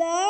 the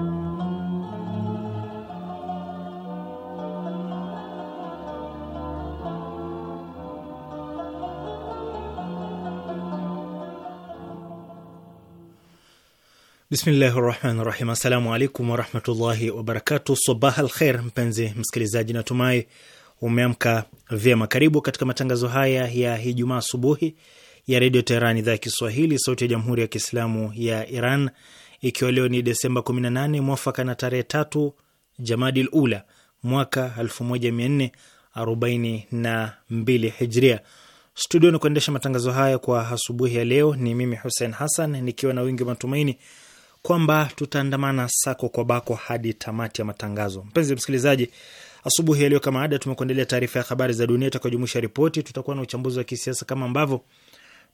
Bismillahi rahmani rahim. Assalamu alaikum warahmatullahi wabarakatu. Sabah al kher, mpenzi msikilizaji, natumai umeamka vyema. Karibu katika matangazo haya ya Ijumaa asubuhi ya Redio Teheran, idhaa ya Kiswahili, sauti ya Jamhuri ya Kiislamu ya Iran, ikiwa leo ni Desemba 18 mwafaka na tarehe tatu Jamadil Ula mwaka 1442 Hijria. Studio ni kuendesha matangazo haya kwa asubuhi ya leo ni mimi Hussein Hassan nikiwa na wingi wa matumaini kwamba tutaandamana sako kwa bako hadi tamati ya matangazo. Mpenzi msikilizaji, asubuhi ya leo kama ada, tumekuandalia taarifa ya habari za dunia itakayojumuisha ripoti, tutakuwa na uchambuzi wa kisiasa kama ambavyo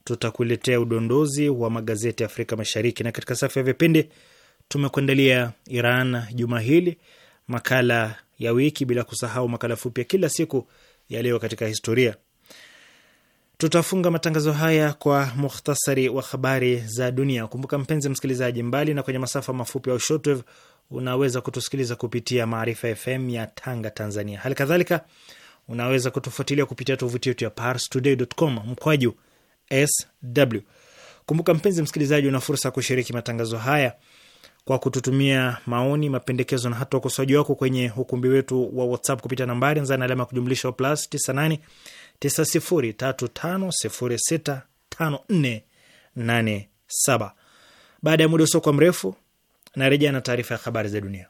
tutakuletea udondozi wa magazeti ya Afrika Mashariki, na katika safu ya vipindi tumekuandalia Iran juma hili, makala ya wiki, bila kusahau makala fupi ya kila siku ya leo katika historia. Tutafunga matangazo haya kwa mukhtasari wa habari za dunia. Kumbuka mpenzi msikilizaji, mbali na kwenye masafa mafupi au shortwave, unaweza kutusikiliza kupitia Maarifa FM ya Tanga, Tanzania. Hali kadhalika unaweza kutufuatilia kupitia tovuti yetu ya parstoday.com mkwaju sw. Kumbuka mpenzi msikilizaji, una fursa ya kushiriki matangazo haya kwa kututumia maoni, mapendekezo na hata ukosoaji wako kwenye ukumbi wetu wa WhatsApp kupitia nambari anza alama ya kujumlisha plus 98 9035065487. Baada ya muda usio mrefu narejea na taarifa ya habari za dunia.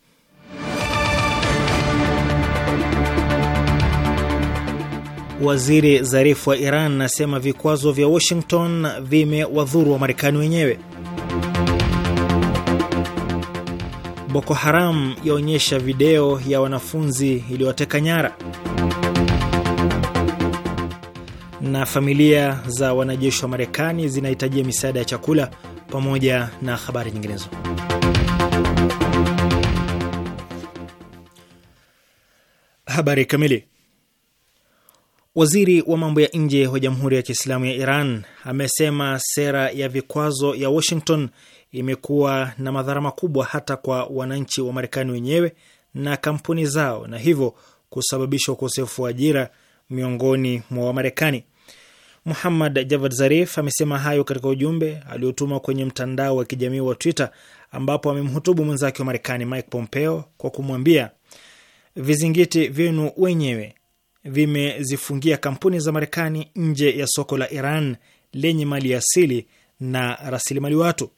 Waziri Zarifu wa Iran nasema vikwazo vya Washington vimewadhuru wa Marekani wenyewe. Boko Haram yaonyesha video ya wanafunzi iliyowateka nyara, na familia za wanajeshi wa Marekani zinahitajia misaada ya chakula, pamoja na habari nyinginezo. Habari kamili Waziri wa mambo ya nje wa Jamhuri ya Kiislamu ya Iran amesema sera ya vikwazo ya Washington imekuwa na madhara makubwa hata kwa wananchi wa Marekani wenyewe na kampuni zao, na hivyo kusababisha ukosefu wa ajira miongoni mwa Wamarekani. Muhammad Javad Zarif amesema hayo katika ujumbe aliotuma kwenye mtandao wa kijamii wa Twitter ambapo amemhutubu mwenzake wa Marekani Mike Pompeo kwa kumwambia, vizingiti vyenu wenyewe vimezifungia kampuni za Marekani nje ya soko la Iran lenye mali asili na rasilimali watu,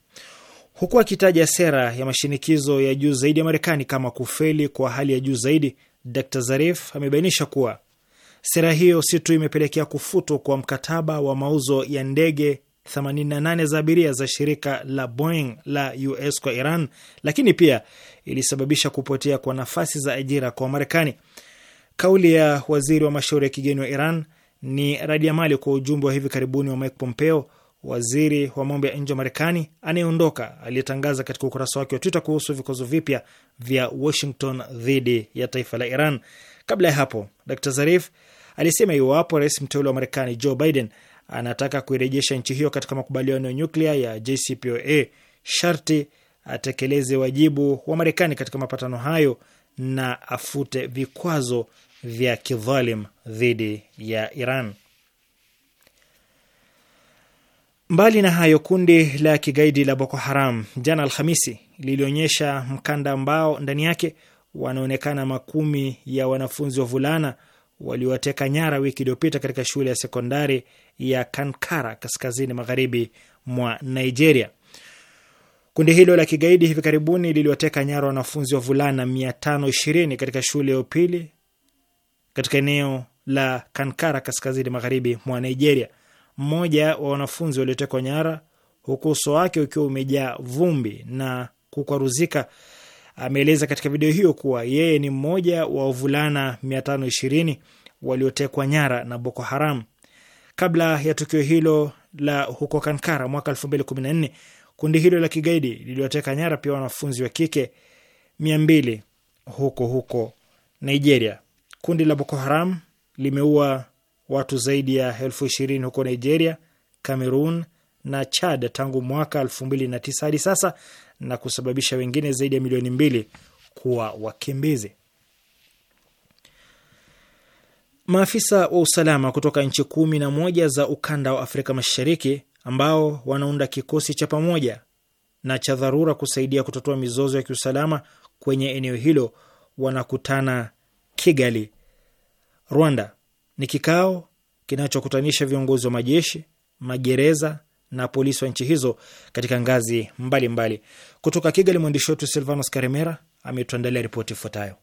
huku akitaja sera ya mashinikizo ya juu zaidi ya Marekani kama kufeli kwa hali ya juu zaidi. Dr Zarif amebainisha kuwa sera hiyo si tu imepelekea kufutwa kwa mkataba wa mauzo ya ndege 88 za abiria za shirika la Boeing la US kwa Iran, lakini pia ilisababisha kupotea kwa nafasi za ajira kwa Marekani. Kauli ya waziri wa mashauri ya kigeni wa Iran ni radi ya mali kwa ujumbe wa hivi karibuni wa Mike Pompeo, waziri wa mambo ya nje wa Marekani anayeondoka, aliyetangaza katika ukurasa wake wa Twitter kuhusu vikwazo vipya vya Washington dhidi ya taifa la Iran. Kabla ya hapo, Dr Zarif alisema iwapo rais mteule wa Marekani Joe Biden anataka kuirejesha nchi hiyo katika makubaliano ya nyuklia ya JCPOA sharti atekeleze wajibu wa Marekani katika mapatano hayo na afute vikwazo vya kidhalim dhidi ya Iran. Mbali na hayo, kundi la kigaidi la Boko Haram jana Alhamisi lilionyesha mkanda ambao ndani yake wanaonekana makumi ya wanafunzi wa vulana waliowateka nyara wiki iliyopita katika shule ya sekondari ya Kankara kaskazini magharibi mwa Nigeria. Kundi hilo la kigaidi hivi karibuni liliwateka nyara wanafunzi wa vulana 520 katika shule ya upili katika eneo la Kankara kaskazini magharibi mwa Nigeria. Mmoja wa wanafunzi waliotekwa nyara, huku uso wake ukiwa umejaa vumbi na kukwaruzika, ameeleza katika video hiyo kuwa yeye ni mmoja wa wavulana 520 waliotekwa nyara na Boko Haram. Kabla ya tukio hilo la huko Kankara mwaka 2014 Kundi hilo la kigaidi liliwateka nyara pia wanafunzi wa kike mia mbili huko huko Nigeria. Kundi la Boko Haram limeua watu zaidi ya elfu ishirini huko Nigeria, Cameroon na Chad tangu mwaka elfu mbili na tisa hadi sasa na kusababisha wengine zaidi ya milioni mbili kuwa wakimbizi. Maafisa wa usalama kutoka nchi kumi na moja za ukanda wa Afrika Mashariki ambao wanaunda kikosi cha pamoja na cha dharura kusaidia kutatua mizozo ya kiusalama kwenye eneo hilo wanakutana Kigali, Rwanda. Ni kikao kinachokutanisha viongozi wa majeshi, magereza na polisi wa nchi hizo katika ngazi mbalimbali mbali. Kutoka Kigali, mwandishi wetu Silvanos Karimera ametuandalia ripoti ifuatayo.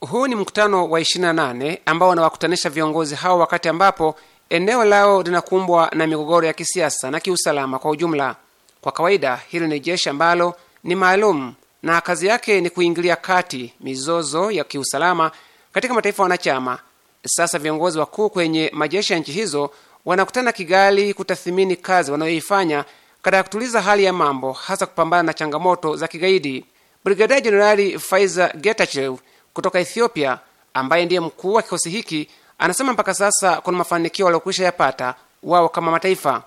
Huu ni mkutano wa 28 ambao wanawakutanisha viongozi hao wakati ambapo eneo lao linakumbwa na migogoro ya kisiasa na kiusalama kwa ujumla. Kwa kawaida, hili ni jeshi ambalo ni maalum na kazi yake ni kuingilia kati mizozo ya kiusalama katika mataifa wanachama. Sasa viongozi wakuu kwenye majeshi ya nchi hizo wanakutana Kigali kutathimini kazi wanayoifanya katika kutuliza hali ya mambo, hasa kupambana na changamoto za kigaidi. Brigadia Jenerali Faiza Getachew kutoka Ethiopia, ambaye ndiye mkuu wa kikosi hiki Anasema mpaka sasa kuna mafanikio waliokwisha yapata wao kama mataifa.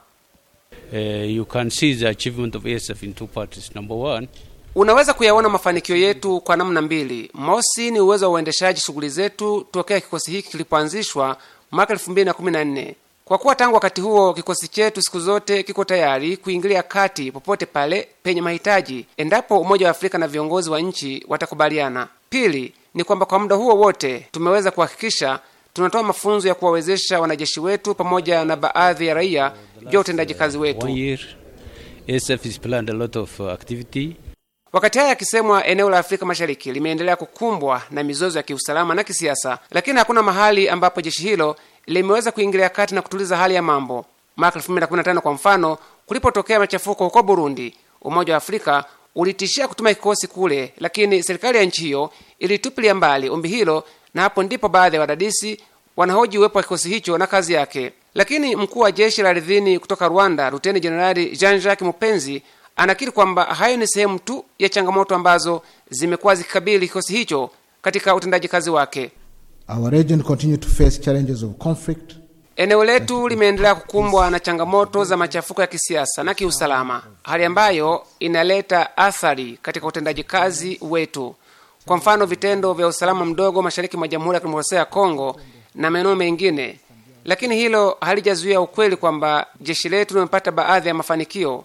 Uh, you can see the achievement of ESF in two parts. Number one, unaweza kuyaona mafanikio yetu kwa namna mbili. Mosi ni uwezo wa uendeshaji shughuli zetu tokea kikosi hiki kilipoanzishwa mwaka 2014 kwa kuwa tangu wakati huo kikosi chetu siku zote kiko tayari kuingilia kati popote pale penye mahitaji, endapo Umoja wa Afrika na viongozi wa nchi watakubaliana. Pili ni kwamba kwa muda huo wote tumeweza kuhakikisha tunatoa mafunzo ya kuwawezesha wanajeshi wetu pamoja na baadhi ya raia vya utendaji kazi wetu. Uh, Wakati haya yakisemwa, eneo la Afrika Mashariki limeendelea kukumbwa na mizozo ya kiusalama na kisiasa, lakini hakuna mahali ambapo jeshi hilo limeweza kuingilia kati na kutuliza hali ya mambo. Mwaka 2015 kwa mfano, kulipotokea machafuko huko Burundi, Umoja wa Afrika ulitishia kutuma kikosi kule, lakini serikali ya nchi hiyo ilitupilia mbali ombi hilo na hapo ndipo baadhi ya wadadisi wanahoji uwepo wa kikosi hicho na kazi yake. Lakini mkuu wa jeshi la ardhini kutoka Rwanda, Luteni Jenerali Jean Jacques Mupenzi, anakiri kwamba hayo ni sehemu tu ya changamoto ambazo zimekuwa zikikabili kikosi hicho katika utendaji kazi wake. Our region continue to face challenges of conflict. Eneo letu limeendelea kukumbwa na changamoto za machafuko ya kisiasa na kiusalama, hali ambayo inaleta athari katika utendaji kazi wetu kwa mfano, vitendo vya usalama mdogo mashariki mwa Jamhuri ya Kidemokrasia ya Kongo na maeneo mengine, lakini hilo halijazuia ukweli kwamba jeshi letu limepata baadhi ya mafanikio,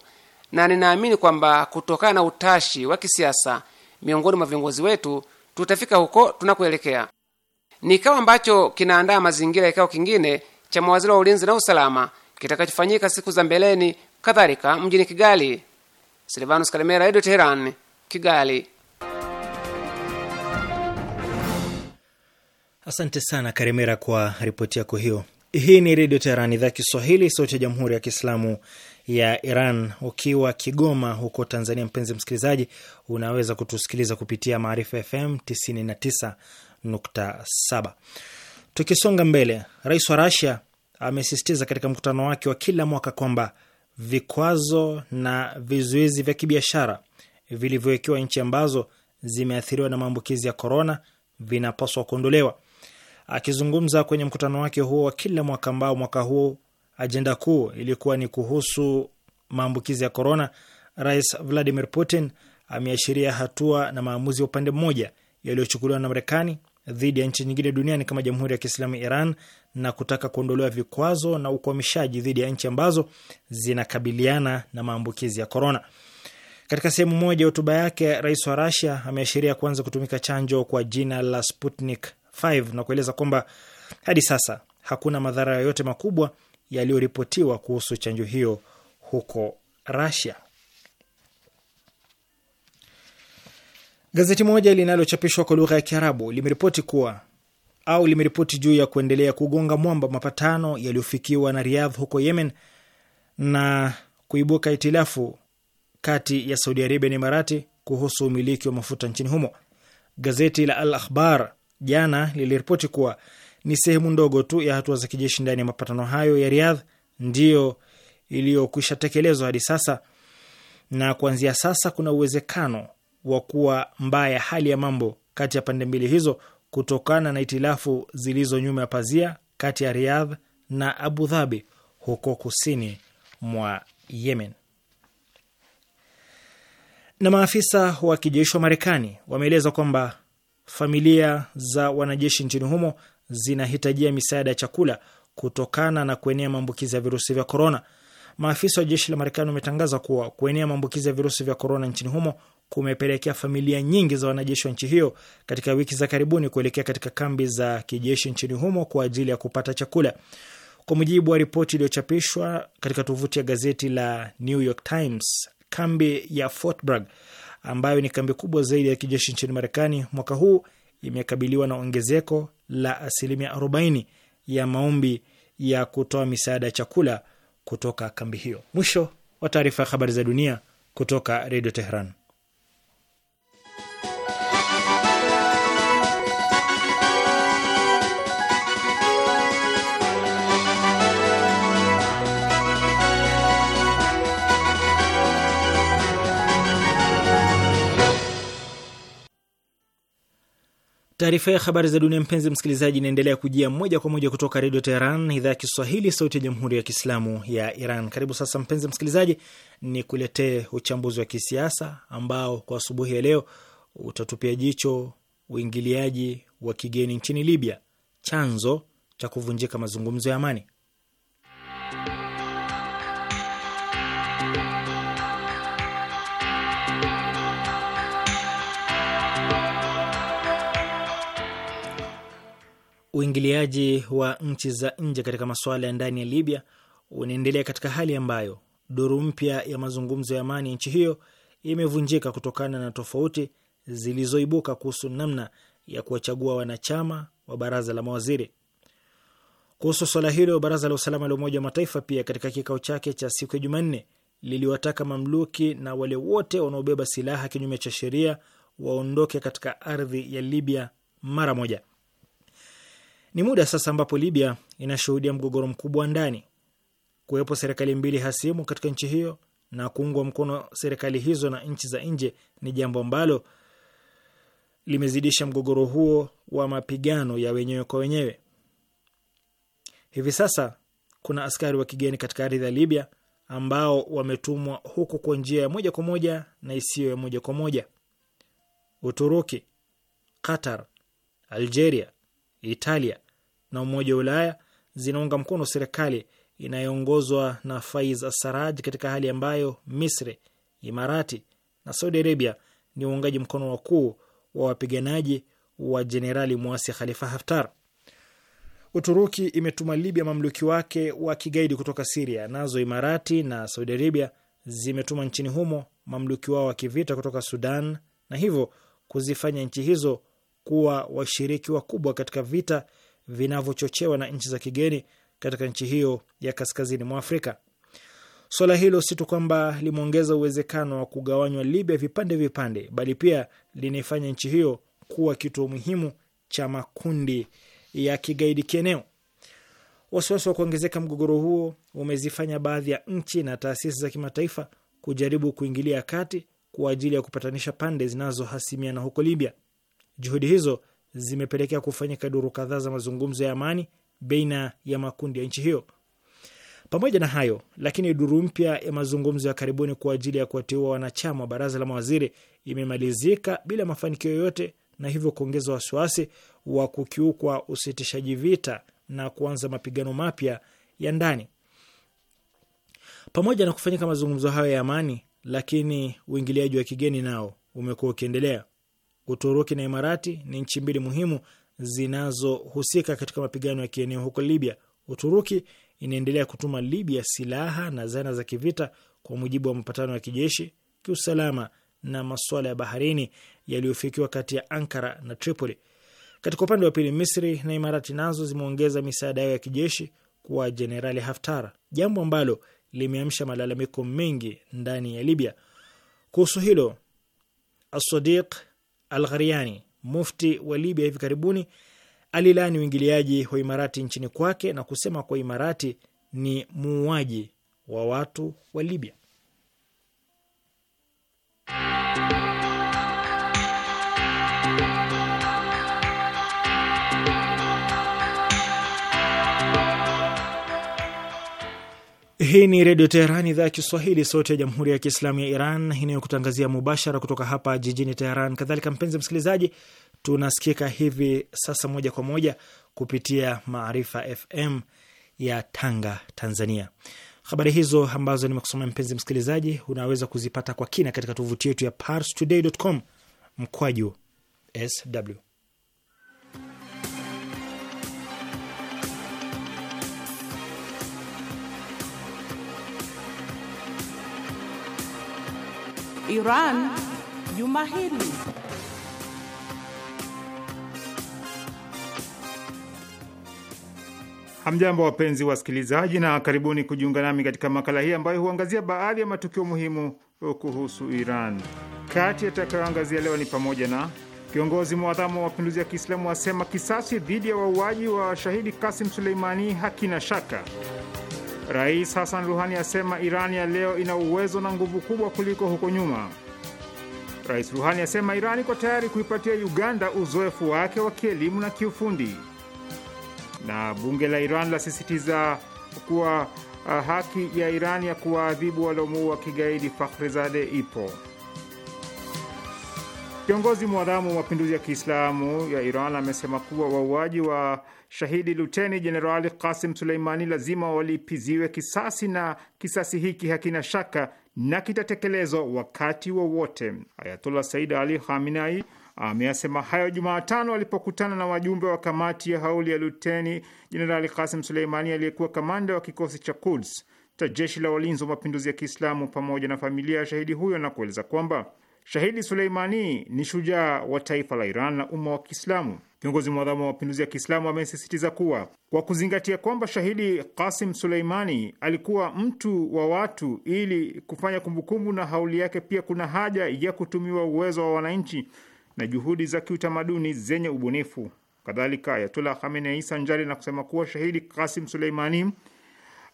na ninaamini kwamba kutokana na utashi wa kisiasa miongoni mwa viongozi wetu tutafika huko tunakoelekea. Ni kikao ambacho kinaandaa mazingira ya kikao kingine cha mawaziri wa ulinzi na usalama kitakachofanyika siku za mbeleni kadhalika mjini Kigali. Silvanus Kalemera, Radio Teheran, Kigali. Asante sana karimera kwa ripoti yako hiyo. Hii ni Redio Teheran, idhaa Kiswahili, sauti ya Jamhuri ya Kiislamu ya Iran. Ukiwa Kigoma huko Tanzania, mpenzi msikilizaji, unaweza kutusikiliza kupitia Maarifa FM 99.7. Tukisonga mbele, rais wa Rasia amesisitiza katika mkutano wake wa kila mwaka kwamba vikwazo na vizuizi vya kibiashara vilivyowekewa nchi ambazo zimeathiriwa na maambukizi ya korona vinapaswa kuondolewa. Akizungumza kwenye mkutano wake huo wa kila mwaka ambao mwaka huu ajenda kuu ilikuwa ni kuhusu maambukizi ya korona, Rais Vladimir Putin ameashiria hatua na maamuzi ya upande mmoja yaliyochukuliwa na Marekani dhidi ya nchi nyingine duniani kama Jamhuri ya Kiislamu Iran na kutaka kuondolewa vikwazo na ukwamishaji dhidi ya nchi ambazo zinakabiliana na maambukizi ya korona. Katika sehemu moja ya hotuba yake, rais wa Rasia ameashiria kuanza kutumika chanjo kwa jina la Sputnik 5 na kueleza kwamba hadi sasa hakuna madhara yoyote makubwa yaliyoripotiwa kuhusu chanjo hiyo huko Russia. Gazeti moja linalochapishwa kwa lugha ya Kiarabu limeripoti kuwa au limeripoti juu ya kuendelea kugonga mwamba mapatano yaliyofikiwa na Riyadh huko Yemen na kuibuka itilafu kati ya Saudi Arabia na Imarati kuhusu umiliki wa mafuta nchini humo. Gazeti la Al Akhbar jana liliripoti kuwa ni sehemu ndogo tu ya hatua za kijeshi ndani ya mapatano hayo ya Riyadh ndiyo iliyokwisha tekelezwa hadi sasa, na kuanzia sasa kuna uwezekano wa kuwa mbaya hali ya mambo kati ya pande mbili hizo kutokana na itilafu zilizo nyuma ya pazia kati ya Riyadh na Abu Dhabi huko kusini mwa Yemen. Na maafisa wa kijeshi wa Marekani wameeleza kwamba familia za wanajeshi nchini humo zinahitajia misaada ya chakula kutokana na kuenea maambukizi ya virusi vya korona. Maafisa wa jeshi la Marekani wametangaza kuwa kuenea maambukizi ya virusi vya korona nchini humo kumepelekea familia nyingi za wanajeshi wa nchi hiyo katika wiki za karibuni kuelekea katika kambi za kijeshi nchini humo kwa ajili ya kupata chakula. Kwa mujibu wa ripoti iliyochapishwa katika tovuti ya gazeti la New York Times, kambi ya Fort Bragg ambayo ni kambi kubwa zaidi ya kijeshi nchini Marekani mwaka huu imekabiliwa na ongezeko la asilimia 40 ya maombi ya kutoa misaada ya chakula kutoka kambi hiyo. Mwisho wa taarifa ya habari za dunia kutoka Redio Teheran. Taarifa ya habari za dunia, mpenzi msikilizaji, inaendelea kujia moja kwa moja kutoka Redio Teheran, idhaa ya Kiswahili, sauti ya jamhuri ya kiislamu ya Iran. Karibu sasa, mpenzi msikilizaji, ni kuletee uchambuzi wa kisiasa ambao kwa asubuhi ya leo utatupia jicho uingiliaji wa kigeni nchini Libya, chanzo cha kuvunjika mazungumzo ya amani. uingiliaji wa nchi za nje katika masuala ya ndani ya Libya unaendelea katika hali ambayo duru mpya ya mazungumzo ya amani ya nchi hiyo imevunjika kutokana na tofauti zilizoibuka kuhusu namna ya kuwachagua wanachama wa baraza la mawaziri. Kuhusu swala hilo, baraza la usalama la Umoja wa Mataifa pia katika kikao chake cha siku ya Jumanne liliwataka mamluki na wale wote wanaobeba silaha kinyume cha sheria waondoke katika ardhi ya Libya mara moja. Ni muda sasa ambapo Libya inashuhudia mgogoro mkubwa ndani. Kuwepo serikali mbili hasimu katika nchi hiyo na kuungwa mkono serikali hizo na nchi za nje ni jambo ambalo limezidisha mgogoro huo wa mapigano ya wenyewe kwa wenyewe. Hivi sasa kuna askari wa kigeni katika ardhi ya Libya ambao wametumwa huku kwa njia ya moja kwa moja na isiyo ya moja kwa moja. Uturuki, Qatar, Algeria, Italia na Umoja wa Ulaya zinaunga mkono serikali inayoongozwa na Faiz Asaraj katika hali ambayo Misri, Imarati na Saudi Arabia ni uungaji mkono wakuu wa wapiganaji wa jenerali mwasi Khalifa Haftar. Uturuki imetuma Libya mamluki wake wa kigaidi kutoka Siria, nazo Imarati na Saudi Arabia zimetuma nchini humo mamluki wao wa kivita kutoka Sudan na hivyo kuzifanya nchi hizo kuwa washiriki wakubwa katika vita vinavyochochewa na nchi za kigeni katika nchi hiyo ya kaskazini mwa Afrika. Swala hilo si tu kwamba limeongeza uwezekano wa kugawanywa Libya vipande vipande, bali pia linaifanya nchi hiyo kuwa kituo muhimu cha makundi ya kigaidi kieneo. Wasiwasi wa kuongezeka mgogoro huo umezifanya baadhi ya nchi na taasisi za kimataifa kujaribu kuingilia kati kwa ajili ya kupatanisha pande zinazohasimiana huko Libya. Juhudi hizo zimepelekea kufanyika duru kadhaa za mazungumzo ya amani baina ya makundi ya nchi hiyo. Pamoja na hayo lakini, duru mpya ya mazungumzo ya karibuni kwa ajili ya kuwateua wanachama wa baraza la mawaziri imemalizika bila mafanikio yoyote, na hivyo kuongeza wasiwasi wa kukiukwa usitishaji vita na kuanza mapigano mapya ya ndani. Pamoja na kufanyika mazungumzo hayo ya amani, lakini uingiliaji wa kigeni nao umekuwa ukiendelea. Uturuki na Imarati ni nchi mbili muhimu zinazohusika katika mapigano ya kieneo huko Libya. Uturuki inaendelea kutuma Libya silaha na zana za kivita kwa mujibu wa mapatano ya kijeshi, kiusalama na masuala ya baharini yaliyofikiwa kati ya Ankara na Tripoli. Katika upande wa pili, Misri na Imarati nazo zimeongeza misaada yao ya kijeshi kwa Jenerali Haftar, jambo ambalo limeamsha malalamiko mengi ndani ya Libya. Kuhusu hilo Asadiq alghariani mufti wa Libya, hivi karibuni alilaani uingiliaji wa Imarati nchini kwake na kusema kuwa Imarati ni muuaji wa watu wa Libya. Hii ni Redio Teheran, idhaa ya Kiswahili, sauti ya Jamhuri ya Kiislamu ya Iran inayokutangazia mubashara kutoka hapa jijini Teheran. Kadhalika mpenzi msikilizaji, tunasikika hivi sasa moja kwa moja kupitia Maarifa FM ya Tanga, Tanzania. Habari hizo ambazo nimekusomea mpenzi msikilizaji, unaweza kuzipata kwa kina katika tovuti yetu ya parstoday.com mkwaju sw Iran juma hili. Hamjambo, wapenzi wasikilizaji, na karibuni kujiunga nami katika makala hii ambayo huangazia baadhi ya matukio muhimu kuhusu Iran. Kati yatakayoangazia leo ni pamoja na kiongozi mwadhamu wa mapinduzi ya Kiislamu asema kisasi dhidi ya wauaji wa shahidi Kasim Suleimani hakina shaka Rais Hassan Ruhani asema irani ya leo ina uwezo na nguvu kubwa kuliko huko nyuma. Rais Ruhani asema irani iko tayari kuipatia Uganda uzoefu wake wa kielimu na kiufundi. Na bunge la Iran lasisitiza kuwa ah, haki ya irani ya kuwaadhibu waliomuua kigaidi Fakhrizadeh ipo. Kiongozi mwadhamu wa mapinduzi ya Kiislamu ya Iran amesema kuwa wauaji wa shahidi luteni jenerali Kasim Suleimani lazima walipiziwe kisasi na kisasi hiki hakina shaka na kitatekelezwa wakati wowote. wa Ayatollah Said Ali Khamenei ameyasema hayo Jumatano alipokutana na wajumbe wa kamati ya hauli ya luteni jenerali Kasim Suleimani aliyekuwa kamanda wa kikosi cha Kuds cha jeshi la walinzi wa mapinduzi ya Kiislamu pamoja na familia ya shahidi huyo na kueleza kwamba Shahidi Suleimani ni shujaa wa taifa la Iran na umma wa Kiislamu. Kiongozi mwadhamu wa mapinduzi ya Kiislamu amesisitiza kuwa kwa kuzingatia kwamba shahidi Kasim Suleimani alikuwa mtu wa watu, ili kufanya kumbukumbu na hauli yake, pia kuna haja ya kutumiwa uwezo wa wananchi na juhudi za kiutamaduni zenye ubunifu. Kadhalika, Ayatullah Khamenei, sanjari na kusema kuwa shahidi Kasim Suleimani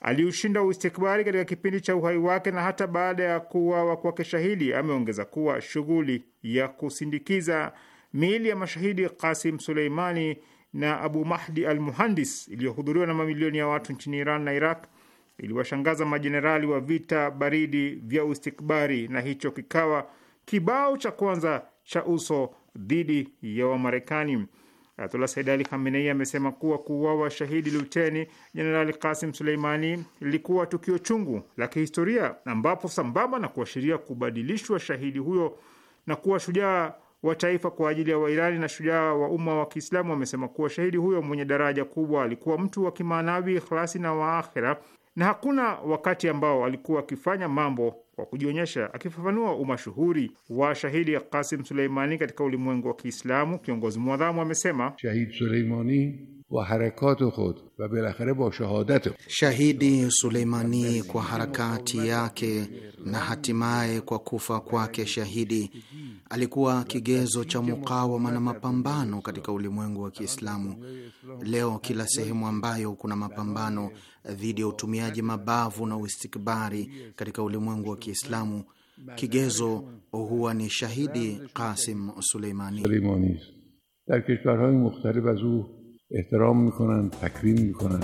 aliushinda uistikbari katika kipindi cha uhai wake na hata baada ya kuuawa kwake shahidi. Ameongeza kuwa shughuli ya kusindikiza miili ya mashahidi kasim Suleimani na Abu Mahdi al Muhandis iliyohudhuriwa na mamilioni ya watu nchini Iran na Iraq iliwashangaza majenerali wa vita baridi vya uistikbari, na hicho kikawa kibao cha kwanza cha uso dhidi ya Wamarekani. Ayatollah Said Ali Khamenei amesema kuwa kuuawa shahidi luteni jenerali Kasim Suleimani ilikuwa tukio chungu la kihistoria, ambapo sambamba na kuashiria kubadilishwa shahidi huyo na kuwa shujaa wa taifa kwa ajili ya Wairani na shujaa wa umma wa Kiislamu, amesema kuwa shahidi huyo mwenye daraja kubwa alikuwa mtu wa kimaanawi, ikhlasi na waakhira, na hakuna wakati ambao alikuwa akifanya mambo kwa kujionyesha. Akifafanua umashuhuri wa shahidi Kasim Suleimani katika ulimwengu wa Kiislamu, kiongozi mwadhamu amesema, shahid Suleimani wa harakati khud wa bilakhire ba shahadati shahidi Suleimani kwa harakati yake na hatimaye kwa kufa kwake shahidi alikuwa kigezo cha mukawama na mapambano katika ulimwengu wa Kiislamu. Leo kila sehemu ambayo kuna mapambano dhidi ya utumiaji mabavu na uistikbari katika ulimwengu wa Kiislamu, kigezo huwa ni shahidi Qasim Suleimani. احترام میکنن تکریم میکنن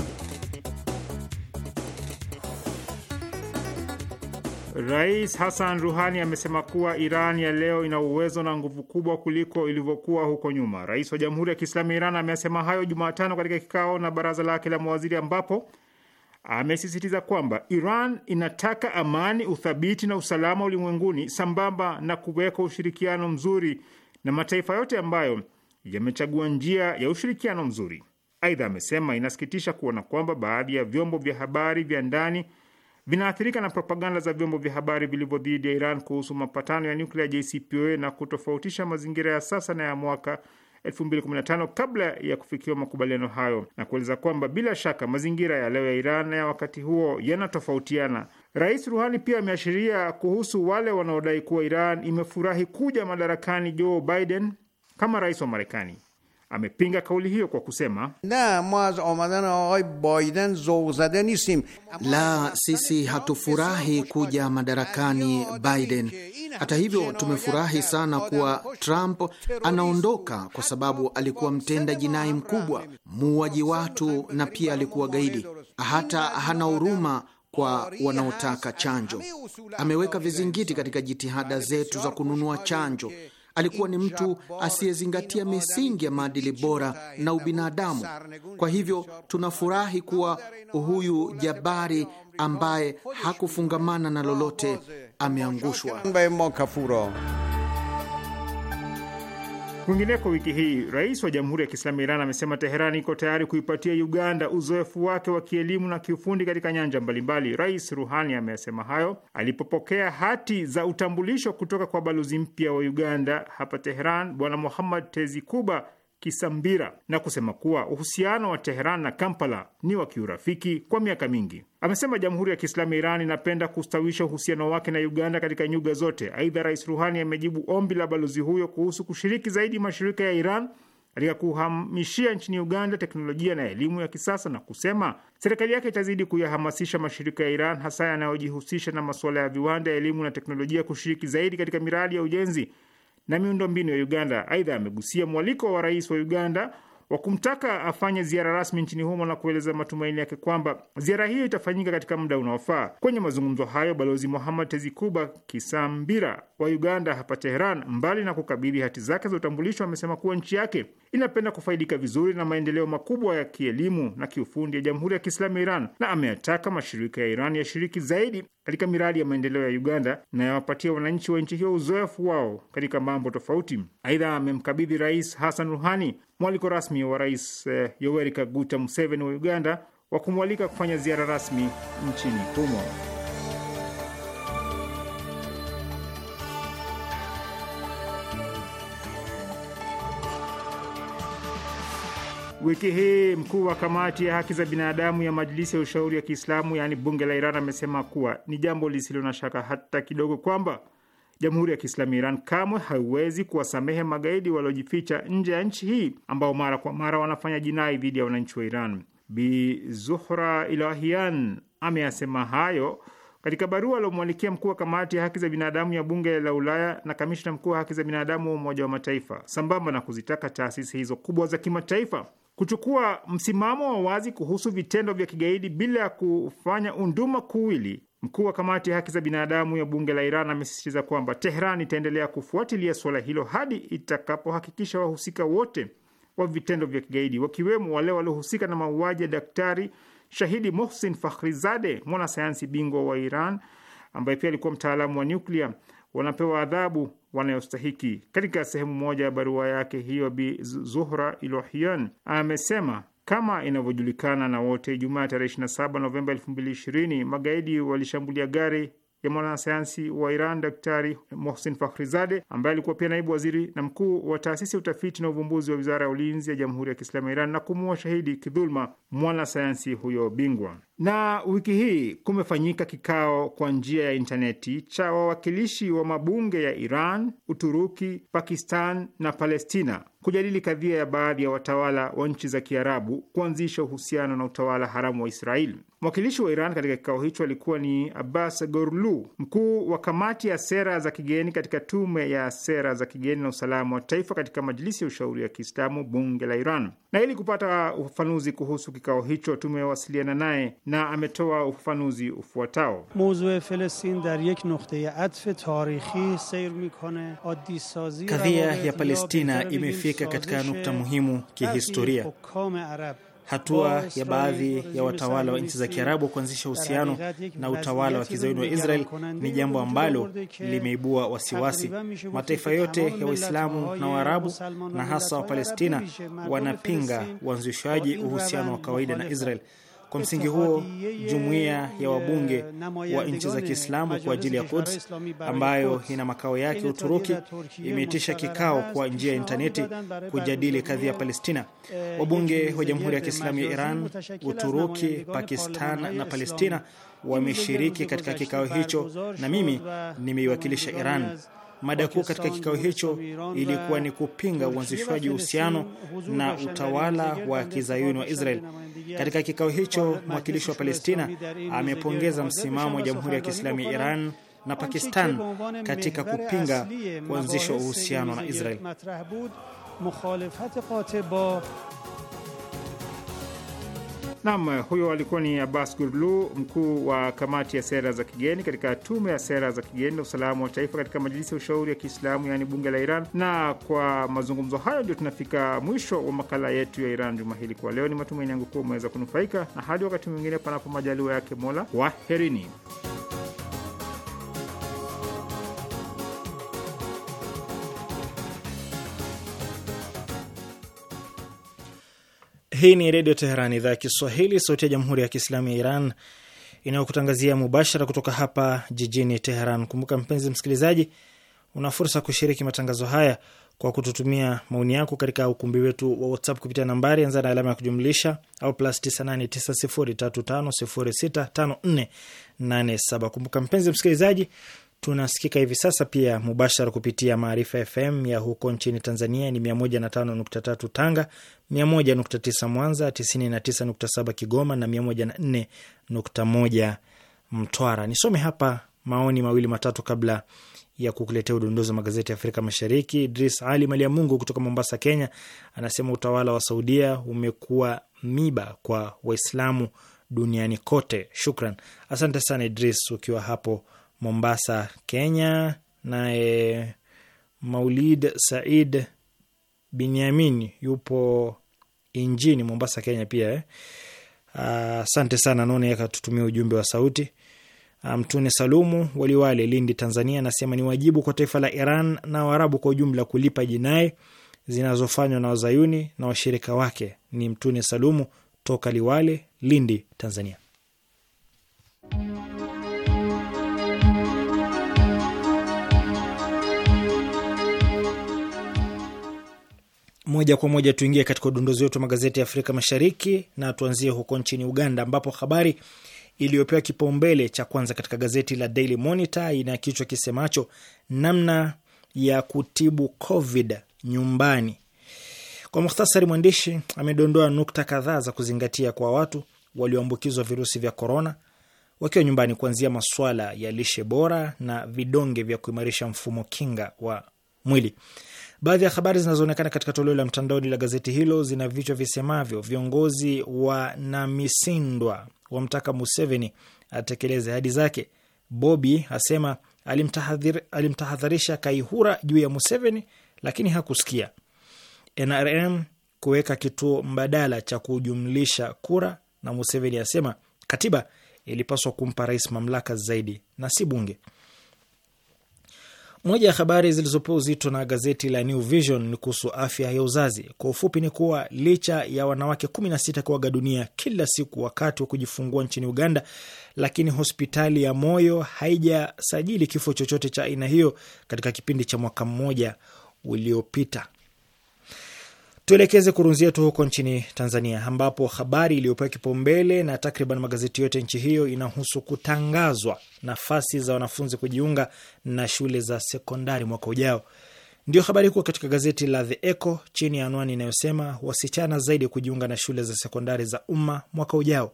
Rais Hassan Ruhani amesema kuwa Iran ya leo ina uwezo na nguvu kubwa kuliko ilivyokuwa huko nyuma. Rais wa Jamhuri ya Kiislamu ya Iran amesema hayo Jumatano katika kikao na baraza lake la mawaziri ambapo amesisitiza kwamba Iran inataka amani, uthabiti na usalama ulimwenguni sambamba na kuweka ushirikiano mzuri na mataifa yote ambayo yamechagua njia ya ushirikiano mzuri. Aidha, amesema inasikitisha kuona kwamba baadhi ya vyombo vya habari vya ndani vinaathirika na propaganda za vyombo vya habari vilivyo dhidi ya Iran kuhusu mapatano ya nyuklia JCPOA na kutofautisha mazingira ya sasa na ya mwaka 2015 kabla ya kufikiwa makubaliano hayo, na kueleza kwamba bila shaka mazingira ya leo ya Iran na ya wakati huo yanatofautiana. Rais Ruhani pia ameashiria kuhusu wale wanaodai kuwa Iran imefurahi kuja madarakani Joe Biden kama rais wa Marekani amepinga kauli hiyo kwa kusema la, sisi hatufurahi kuja madarakani Biden. Hata hivyo, tumefurahi sana kuwa Trump anaondoka, kwa sababu alikuwa mtenda jinai mkubwa, muuaji watu, na pia alikuwa gaidi. Hata hana huruma kwa wanaotaka chanjo. Ameweka vizingiti katika jitihada zetu za kununua chanjo, alikuwa ni mtu asiyezingatia misingi ya maadili bora na ubinadamu. Kwa hivyo tunafurahi kuwa huyu jabari ambaye hakufungamana na lolote ameangushwa. Kwingineko wiki hii, rais wa Jamhuri ya Kiislamu ya Iran amesema Teherani iko tayari kuipatia Uganda uzoefu wake wa kielimu na kiufundi katika nyanja mbalimbali. Rais Ruhani ameyasema hayo alipopokea hati za utambulisho kutoka kwa balozi mpya wa Uganda hapa Teheran, Bwana Muhammad Tezi Kuba Kisambira na kusema kuwa uhusiano wa Teheran na Kampala ni wa kiurafiki kwa miaka mingi. Amesema Jamhuri ya Kiislamu ya Iran inapenda kustawisha uhusiano wake na Uganda katika nyuga zote. Aidha, Rais Ruhani amejibu ombi la balozi huyo kuhusu kushiriki zaidi mashirika ya Iran katika kuhamishia nchini Uganda teknolojia na elimu ya kisasa na kusema serikali yake itazidi kuyahamasisha mashirika ya Iran hasa yanayojihusisha na masuala ya viwanda, elimu na teknolojia kushiriki zaidi katika miradi ya ujenzi na miundombinu ya Uganda. Aidha, amegusia mwaliko wa rais wa Uganda wa kumtaka afanye ziara rasmi nchini humo na kueleza matumaini yake kwamba ziara hiyo itafanyika katika muda unaofaa. Kwenye mazungumzo hayo, Balozi Muhammad Tezikuba Kisambira wa Uganda hapa Teheran, mbali na kukabidhi hati zake za utambulisho, amesema kuwa nchi yake inapenda kufaidika vizuri na maendeleo makubwa ya kielimu na kiufundi ya Jamhuri ya Kiislamu ya Iran na ameyataka mashirika ya Iran yashiriki zaidi katika miradi ya maendeleo ya Uganda na yawapatia wananchi wa nchi hiyo uzoefu wao katika mambo tofauti. Aidha, amemkabidhi Rais Hassan Ruhani mwaliko rasmi wa Rais eh, Yoweri Kaguta Museveni wa Uganda wa kumwalika kufanya ziara rasmi nchini humo. Wiki hii mkuu wa kamati ya haki za binadamu ya Majlisi ya Ushauri ya Kiislamu, yaani bunge la Iran, amesema kuwa ni jambo lisilo na shaka hata kidogo kwamba Jamhuri ya Kiislamu ya Iran kamwe haiwezi kuwasamehe magaidi waliojificha nje ya nchi hii ambao mara kwa mara wanafanya jinai dhidi ya wananchi wa Iran. Bi Zuhra Ilahian ameyasema hayo katika barua aliomwandikia mkuu wa kamati ya haki za binadamu ya bunge la Ulaya na kamishna mkuu wa haki za binadamu wa Umoja wa Mataifa, sambamba na kuzitaka taasisi hizo kubwa za kimataifa kuchukua msimamo wa wazi kuhusu vitendo vya kigaidi bila ya kufanya unduma kuwili. Mkuu wa kamati ya haki za binadamu ya bunge la Iran amesisitiza kwamba Tehran itaendelea kufuatilia suala hilo hadi itakapohakikisha wahusika wote wa vitendo vya kigaidi wakiwemo wale waliohusika na mauaji ya daktari shahidi Mohsin Fakhrizade, mwanasayansi bingwa wa Iran ambaye pia alikuwa mtaalamu wa nyuklia, wanapewa adhabu wanayostahiki. Katika sehemu moja ya barua yake hiyo, Bi Zuhra Ilohian amesema kama inavyojulikana na wote, Ijumaa tarehe 27 Novemba 2020 magaidi walishambulia gari ya mwanasayansi wa Iran Daktari Mohsin Fakhrizade ambaye alikuwa pia naibu waziri na mkuu wa taasisi ya utafiti na uvumbuzi wa wizara ya ulinzi ya Jamhuri ya Kiislamu ya Iran na kumuua shahidi kidhuluma mwanasayansi huyo bingwa. Na wiki hii kumefanyika kikao kwa njia ya intaneti cha wawakilishi wa mabunge ya Iran, Uturuki, Pakistan na Palestina kujadili kadhia ya baadhi ya watawala wa nchi za Kiarabu kuanzisha uhusiano na utawala haramu wa Israeli. Mwakilishi wa Iran katika kikao hicho alikuwa ni Abbas Gorlu, mkuu wa kamati ya sera za kigeni katika tume ya sera za kigeni na usalama wa taifa katika majilisi ya ushauri ya Kiislamu, bunge la Iran. Na ili kupata ufafanuzi kuhusu kikao hicho tumewasiliana naye na ametoa ufafanuzi ufuatao. Kadhia ya Palestina imefika katika nukta muhimu kihistoria hatua ya baadhi ya watawala wa nchi za Kiarabu kuanzisha uhusiano na utawala wa kizayuni wa Israel ni jambo ambalo limeibua wasiwasi. Mataifa yote ya Waislamu na Waarabu na hasa Wapalestina wanapinga uanzishwaji uhusiano wa kawaida na Israel. Kwa msingi huo, jumuiya ya wabunge wa nchi za Kiislamu kwa ajili ya Quds ambayo ina makao yake Uturuki imeitisha kikao kwa njia ya intaneti kujadili kadhi ya Palestina. Wabunge wa Jamhuri ya Kiislamu ya Iran, Uturuki, Pakistan na Palestina wameshiriki katika kikao hicho na mimi nimeiwakilisha Iran. Mada kuu katika kikao hicho ilikuwa ni kupinga uanzishwaji uhusiano na utawala wa kizayuni wa Israel. Katika kikao hicho, mwakilishi wa Palestina amepongeza msimamo wa Jamhuri ya Kiislamu ya Iran na Pakistan katika kupinga kuanzishwa uhusiano na Israel. Nam, huyo alikuwa ni Abbas Gurlu, mkuu wa kamati ya sera za kigeni katika tume ya sera za kigeni na usalama wa taifa katika majilisi ya ushauri ya Kiislamu, yaani bunge la Iran. Na kwa mazungumzo hayo ndio tunafika mwisho wa makala yetu ya Iran juma hili. Kwa leo, ni matumaini yangu kuwa umeweza kunufaika, na hadi wakati mwingine, panapo majaliwa yake Mola, kwaherini. Hii ni Redio Teheran, idhaa ya Kiswahili, sauti ya Jamhuri ya Kiislamu ya Iran inayokutangazia mubashara kutoka hapa jijini Teheran. Kumbuka mpenzi msikilizaji, una fursa kushiriki matangazo haya kwa kututumia maoni yako katika ukumbi wetu wa WhatsApp kupitia nambari, anza na alama ya kujumlisha au plus 989035065487. Kumbuka mpenzi msikilizaji, Tunasikika hivi sasa pia mubashara kupitia Maarifa FM ya huko nchini Tanzania ni 105.3 Tanga, 101.9 Mwanza, 99.7 Kigoma na 104.1 Mtwara. Nisome hapa maoni mawili matatu kabla ya kukuletea udondozi wa magazeti ya Afrika Mashariki. Idris Ali Maliamungu kutoka Mombasa, Kenya, anasema utawala wa Saudia umekuwa miba kwa Waislamu duniani kote. Shukran, asante sana Idris ukiwa hapo Mombasa, Kenya. Naye Maulid Said binyamin yupo Injini, Mombasa, Kenya pia eh. Ah, asante sana naona yakatutumia ujumbe wa sauti. Ah, Mtune Salumu Waliwale, Lindi, Tanzania, anasema ni wajibu kwa taifa la Iran na Waarabu kwa ujumla kulipa jinai zinazofanywa na wazayuni na washirika wake. Ni Mtune Salumu toka Liwale, Lindi, Tanzania. Moja kwa moja tuingie katika udondozi wetu wa magazeti ya Afrika Mashariki na tuanzie huko nchini Uganda, ambapo habari iliyopewa kipaumbele cha kwanza katika gazeti la Daily Monitor ina kichwa kisemacho namna ya kutibu COVID nyumbani. Kwa muhtasari, mwandishi amedondoa nukta kadhaa za kuzingatia kwa watu walioambukizwa virusi vya korona wakiwa nyumbani, kuanzia masuala ya lishe bora na vidonge vya kuimarisha mfumo kinga wa mwili. Baadhi ya habari zinazoonekana katika toleo la mtandaoni la gazeti hilo zina vichwa visemavyo: viongozi wa Namisindwa wamtaka Museveni atekeleze ahadi zake, Bobi asema alimtahadharisha Kaihura juu ya Museveni lakini hakusikia, NRM kuweka kituo mbadala cha kujumlisha kura, na Museveni asema katiba ilipaswa kumpa rais mamlaka zaidi na si bunge. Moja ya habari zilizopewa uzito na gazeti la New Vision ni kuhusu afya ya uzazi. Kwa ufupi ni kuwa licha ya wanawake 16 kuaga dunia kila siku wakati wa kujifungua nchini Uganda, lakini hospitali ya moyo haijasajili kifo chochote cha aina hiyo katika kipindi cha mwaka mmoja uliopita. Tuelekeze kurunzi yetu huko nchini Tanzania, ambapo habari iliyopewa kipaumbele na takriban magazeti yote nchi hiyo inahusu kutangazwa nafasi za wanafunzi kujiunga na shule za sekondari mwaka ujao. Ndio habari kuu katika gazeti la The Echo chini ya anwani inayosema wasichana zaidi kujiunga na shule za sekondari za umma mwaka ujao.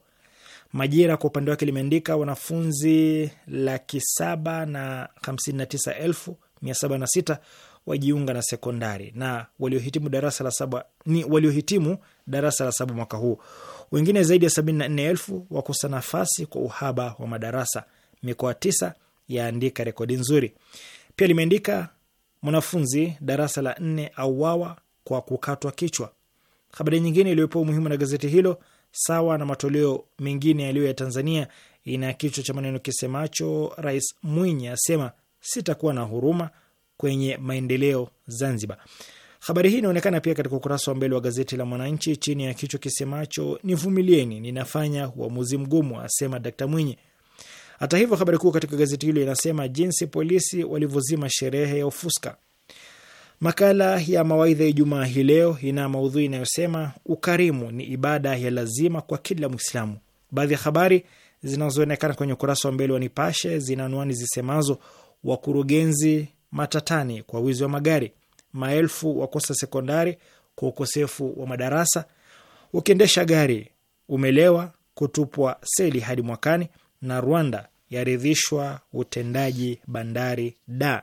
Majira kwa upande wake limeandika wanafunzi laki saba na hamsini na tisa elfu mia saba na sita wajiunga na sekondari na waliohitimu darasa la saba ni waliohitimu darasa la saba mwaka huu. Wengine zaidi ya sabini na nne elfu wakosa nafasi kwa uhaba wa madarasa. Mikoa tisa yaandika rekodi nzuri. Pia limeandika mwanafunzi darasa la nne auawa kwa kukatwa kichwa. Habari nyingine iliyopewa umuhimu na gazeti hilo sawa na matoleo mengine yaliyo ya Tanzania ina kichwa cha maneno kisemacho Rais Mwinyi asema sitakuwa na huruma kwenye maendeleo Zanzibar. Habari hii inaonekana pia katika ukurasa wa mbele wa gazeti la Mwananchi chini ya kichwa kisemacho nivumilieni, ninafanya uamuzi mgumu, asema Dkt Mwinyi. Hata hivyo, habari kuu katika gazeti hilo inasema jinsi polisi walivyozima sherehe ya ufuska. Makala ya mawaidha ya Ijumaa hii leo ina maudhui inayosema ukarimu ni ibada ya lazima kwa kila Mwislamu. Baadhi ya habari zinazoonekana kwenye ukurasa wa mbele wa Nipashe zina anwani zisemazo wakurugenzi matatani kwa wizi wa magari, maelfu wakosa sekondari kwa ukosefu wa madarasa, ukiendesha gari umelewa kutupwa seli hadi mwakani, na Rwanda yaridhishwa utendaji bandari da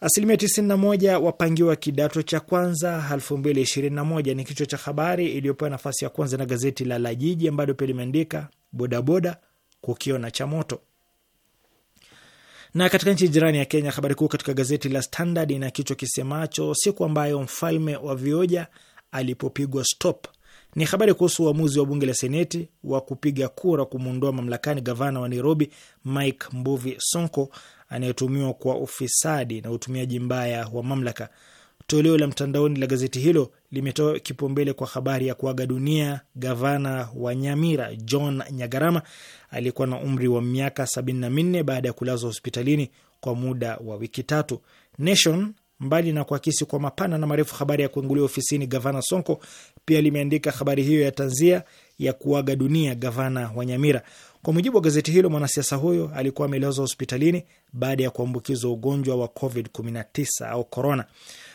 Asilimia 91 wapangiwa kidato cha kwanza 2021 ni kichwa cha habari iliyopewa nafasi ya kwanza na gazeti la La Jiji, ambalo pia limeandika bodaboda kukiona cha moto. Na katika nchi jirani ya Kenya, habari kuu katika gazeti la Standard ina kichwa kisemacho siku ambayo mfalme wa vioja alipopigwa stop. Ni habari kuhusu uamuzi wa bunge la seneti wa kupiga kura kumwondoa mamlakani gavana wa Nairobi Mike Mbuvi Sonko anayetumiwa kwa ufisadi na utumiaji mbaya wa mamlaka. Toleo la mtandaoni la gazeti hilo limetoa kipaumbele kwa habari ya kuaga dunia gavana wa Nyamira John Nyagarama aliyekuwa na umri wa miaka sabini na minne baada ya kulazwa hospitalini kwa muda wa wiki tatu. Nation mbali na kuakisi kwa mapana na marefu habari ya kuinguliwa ofisini gavana Sonko, pia limeandika habari hiyo ya tanzia ya kuaga dunia gavana wa Nyamira. Kwa mujibu wa gazeti hilo, mwanasiasa huyo alikuwa amelazwa hospitalini baada ya kuambukizwa ugonjwa wa COVID-19 au corona.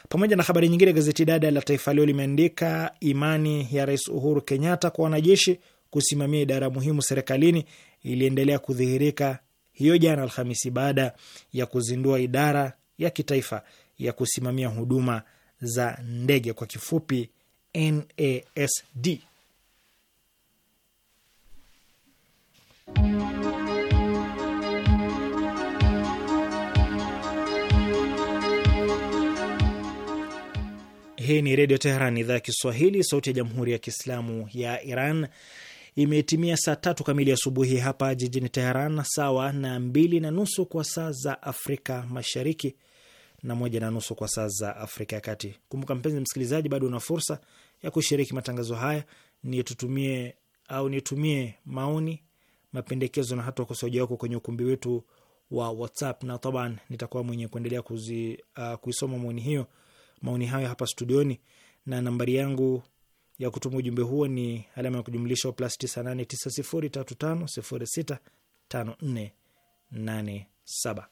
Pamoja na habari nyingine, gazeti dada la Taifa Leo limeandika imani ya Rais Uhuru Kenyatta kwa wanajeshi kusimamia idara muhimu serikalini iliendelea kudhihirika hiyo jana Alhamisi baada ya kuzindua idara ya kitaifa ya kusimamia huduma za ndege kwa kifupi NASD. Hii ni Redio Teheran, idhaa ya Kiswahili, sauti ya Jamhuri ya Kiislamu ya Iran. Imetimia saa tatu kamili asubuhi hapa jijini Teheran, sawa na mbili na nusu kwa saa za Afrika Mashariki na moja na nusu kwa saa za Afrika ya Kati. Kumbuka mpenzi msikilizaji, bado una fursa ya kushiriki matangazo haya, nitutumie au nitumie maoni, mapendekezo na hata ukosoaji wako kwenye ukumbi wetu wa WhatsApp, na taban nitakuwa mwenye kuendelea kuzi, uh, kuisoma maoni hiyo maoni hayo hapa studioni, na nambari yangu ya kutuma ujumbe huo ni alama ya kujumlisha plus saba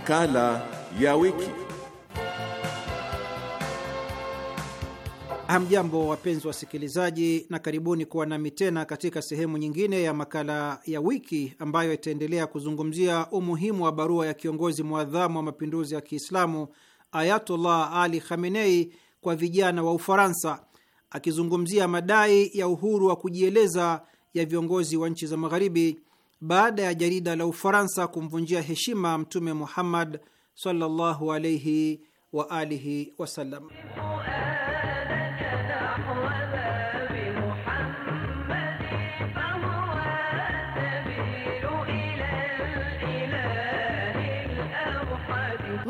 Makala ya wiki. Hamjambo, wapenzi wasikilizaji, na karibuni kuwa nami tena katika sehemu nyingine ya makala ya wiki ambayo itaendelea kuzungumzia umuhimu wa barua ya kiongozi mwadhamu wa mapinduzi ya Kiislamu Ayatullah Ali Khamenei kwa vijana wa Ufaransa, akizungumzia madai ya uhuru wa kujieleza ya viongozi wa nchi za Magharibi baada ya jarida la Ufaransa kumvunjia heshima Mtume Muhammad sallallahu alaihi wa alihi wasallam.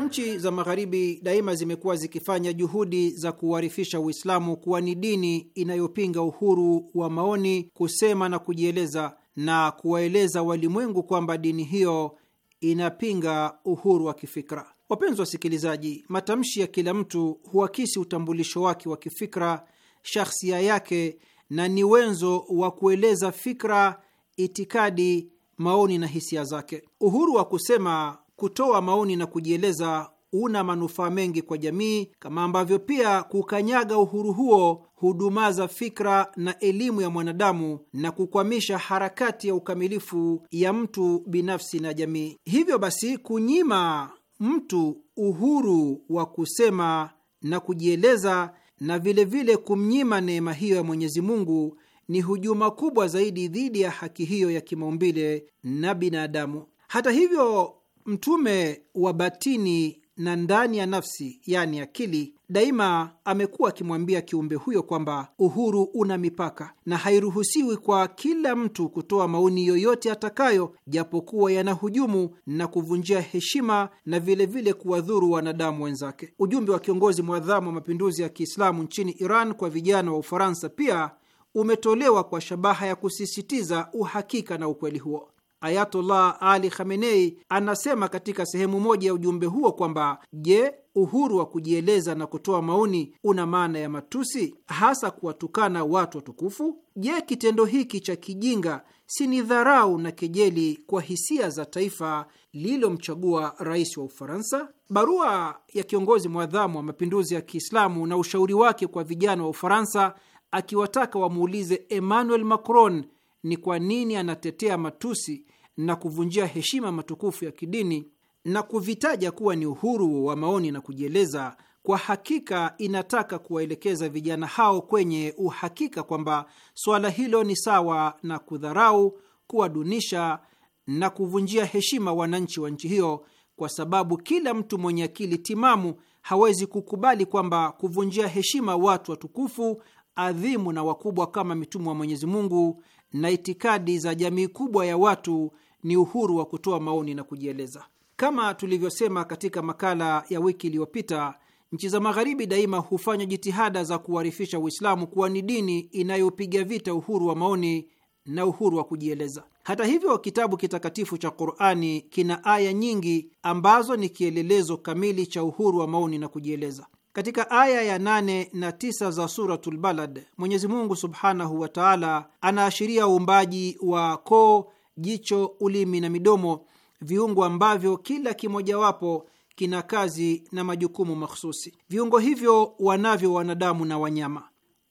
Nchi za Magharibi daima zimekuwa zikifanya juhudi za kuwarifisha Uislamu kuwa ni dini inayopinga uhuru wa maoni, kusema na kujieleza na kuwaeleza walimwengu kwamba dini hiyo inapinga uhuru wa kifikra. Wapenzi wasikilizaji, matamshi ya kila mtu huakisi utambulisho wake wa kifikra, shahsia yake, na ni wenzo wa kueleza fikra, itikadi, maoni na hisia zake. Uhuru wa kusema, kutoa maoni na kujieleza una manufaa mengi kwa jamii, kama ambavyo pia kukanyaga uhuru huo hudumaza fikra na elimu ya mwanadamu na kukwamisha harakati ya ukamilifu ya mtu binafsi na jamii. Hivyo basi, kunyima mtu uhuru wa kusema na kujieleza na vilevile vile kumnyima neema hiyo ya Mwenyezi Mungu ni hujuma kubwa zaidi dhidi ya haki hiyo ya kimaumbile na binadamu. Hata hivyo, mtume wa batini na ndani ya nafsi, yaani akili, daima amekuwa akimwambia kiumbe huyo kwamba uhuru una mipaka na hairuhusiwi kwa kila mtu kutoa maoni yoyote atakayo, japokuwa yanahujumu na kuvunjia heshima na vilevile kuwadhuru wanadamu wenzake. Ujumbe wa kiongozi mwadhamu wa mapinduzi ya Kiislamu nchini Iran kwa vijana wa Ufaransa pia umetolewa kwa shabaha ya kusisitiza uhakika na ukweli huo. Ayatollah Ali Khamenei anasema katika sehemu moja ya ujumbe huo kwamba je, uhuru wa kujieleza na kutoa maoni una maana ya matusi, hasa kuwatukana watu watukufu? Je, kitendo hiki cha kijinga si ni dharau na kejeli kwa hisia za taifa lililomchagua rais wa Ufaransa? Barua ya kiongozi mwadhamu wa mapinduzi ya Kiislamu na ushauri wake kwa vijana wa Ufaransa akiwataka wamuulize Emmanuel Macron ni kwa nini anatetea matusi na kuvunjia heshima matukufu ya kidini na kuvitaja kuwa ni uhuru wa maoni na kujieleza, kwa hakika inataka kuwaelekeza vijana hao kwenye uhakika kwamba suala hilo ni sawa na kudharau, kuwadunisha na kuvunjia heshima wananchi wa nchi hiyo, kwa sababu kila mtu mwenye akili timamu hawezi kukubali kwamba kuvunjia heshima watu watukufu, adhimu na wakubwa kama mitume wa Mwenyezi Mungu na itikadi za jamii kubwa ya watu ni uhuru wa kutoa maoni na kujieleza. Kama tulivyosema katika makala ya wiki iliyopita, nchi za Magharibi daima hufanya jitihada za kuwarifisha Uislamu kuwa ni dini inayopiga vita uhuru wa maoni na uhuru wa kujieleza. Hata hivyo, kitabu kitakatifu cha Qurani kina aya nyingi ambazo ni kielelezo kamili cha uhuru wa maoni na kujieleza. Katika aya ya nane na tisa za Suratul Balad, Mwenyezi Mungu subhanahu wa taala anaashiria uumbaji wa koo, jicho, ulimi na midomo, viungo ambavyo kila kimojawapo kina kazi na majukumu makhususi. Viungo hivyo wanavyo wanadamu na wanyama.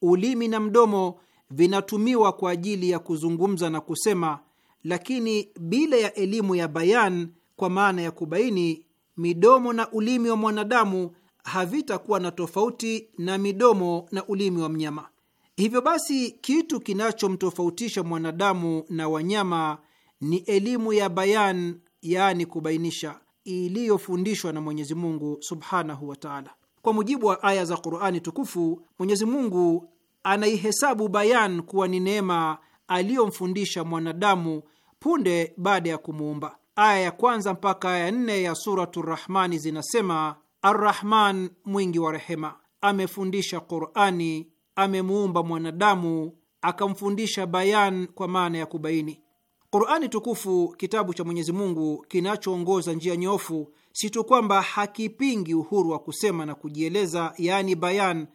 Ulimi na mdomo vinatumiwa kwa ajili ya kuzungumza na kusema, lakini bila ya elimu ya bayan, kwa maana ya kubaini, midomo na ulimi wa mwanadamu havitakuwa na tofauti na midomo na ulimi wa mnyama. Hivyo basi, kitu kinachomtofautisha mwanadamu na wanyama ni elimu ya bayan, yaani kubainisha, iliyofundishwa na Mwenyezi Mungu subhanahu wa taala. Kwa mujibu wa aya za Qurani Tukufu, Mwenyezi Mungu anaihesabu bayan kuwa ni neema aliyomfundisha mwanadamu punde baada ya kumuumba. Aya ya kwanza mpaka aya ya nne ya Suratu Rahmani zinasema Arrahman mwingi wa rehema, amefundisha Qurani, amemuumba mwanadamu akamfundisha bayan kwa maana ya kubaini. Qurani tukufu, kitabu cha Mwenyezi Mungu kinachoongoza njia nyofu, si tu kwamba hakipingi uhuru wa kusema na kujieleza, yaani bayan,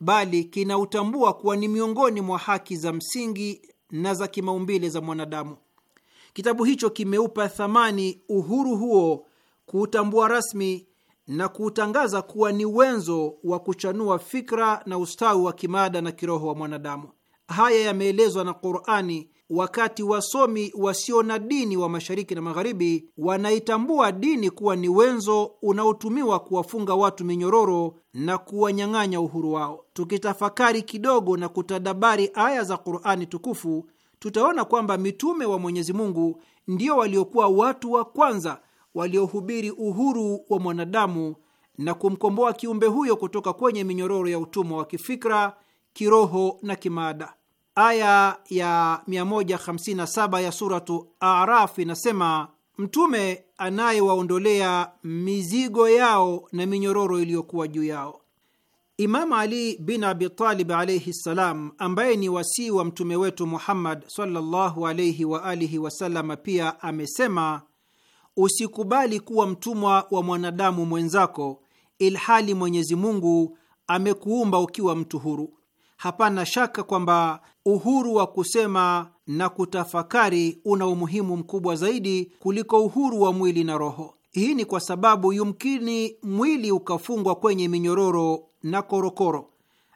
bali kinautambua kuwa ni miongoni mwa haki za msingi na za kimaumbile za mwanadamu. Kitabu hicho kimeupa thamani uhuru huo, kuutambua rasmi na kuutangaza kuwa ni wenzo wa kuchanua fikra na ustawi wa kimaada na kiroho wa mwanadamu. Haya yameelezwa na Qurani wakati wasomi wasio na dini wa mashariki na magharibi wanaitambua dini kuwa ni wenzo unaotumiwa kuwafunga watu minyororo na kuwanyang'anya uhuru wao. Tukitafakari kidogo na kutadabari aya za Qurani tukufu, tutaona kwamba mitume wa Mwenyezi Mungu ndio waliokuwa watu wa kwanza waliohubiri uhuru wa mwanadamu na kumkomboa kiumbe huyo kutoka kwenye minyororo ya utumwa wa kifikra, kiroho na kimaada. Aya ya 157 ya Suratu Araf inasema Mtume anayewaondolea mizigo yao na minyororo iliyokuwa juu yao. Imamu Ali bin Abitalib alaihi ssalam, ambaye ni wasii wa mtume wetu Muhammad sallallahu alaihi waalihi wasalama, pia amesema usikubali kuwa mtumwa wa mwanadamu mwenzako, ilhali Mwenyezi Mungu amekuumba ukiwa mtu huru. Hapana shaka kwamba uhuru wa kusema na kutafakari una umuhimu mkubwa zaidi kuliko uhuru wa mwili na roho. Hii ni kwa sababu yumkini mwili ukafungwa kwenye minyororo na korokoro,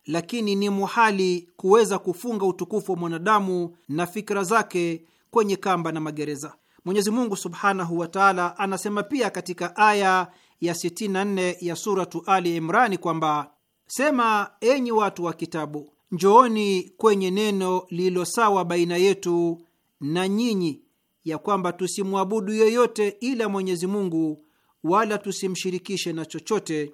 lakini ni muhali kuweza kufunga utukufu wa mwanadamu na fikra zake kwenye kamba na magereza. Mwenyezi Mungu subhanahu wa taala anasema pia katika aya ya 64 ya Suratu Ali Imrani kwamba sema, enyi watu wa Kitabu, njooni kwenye neno lililo sawa baina yetu na nyinyi, ya kwamba tusimwabudu yeyote ila Mwenyezi Mungu, wala tusimshirikishe na chochote,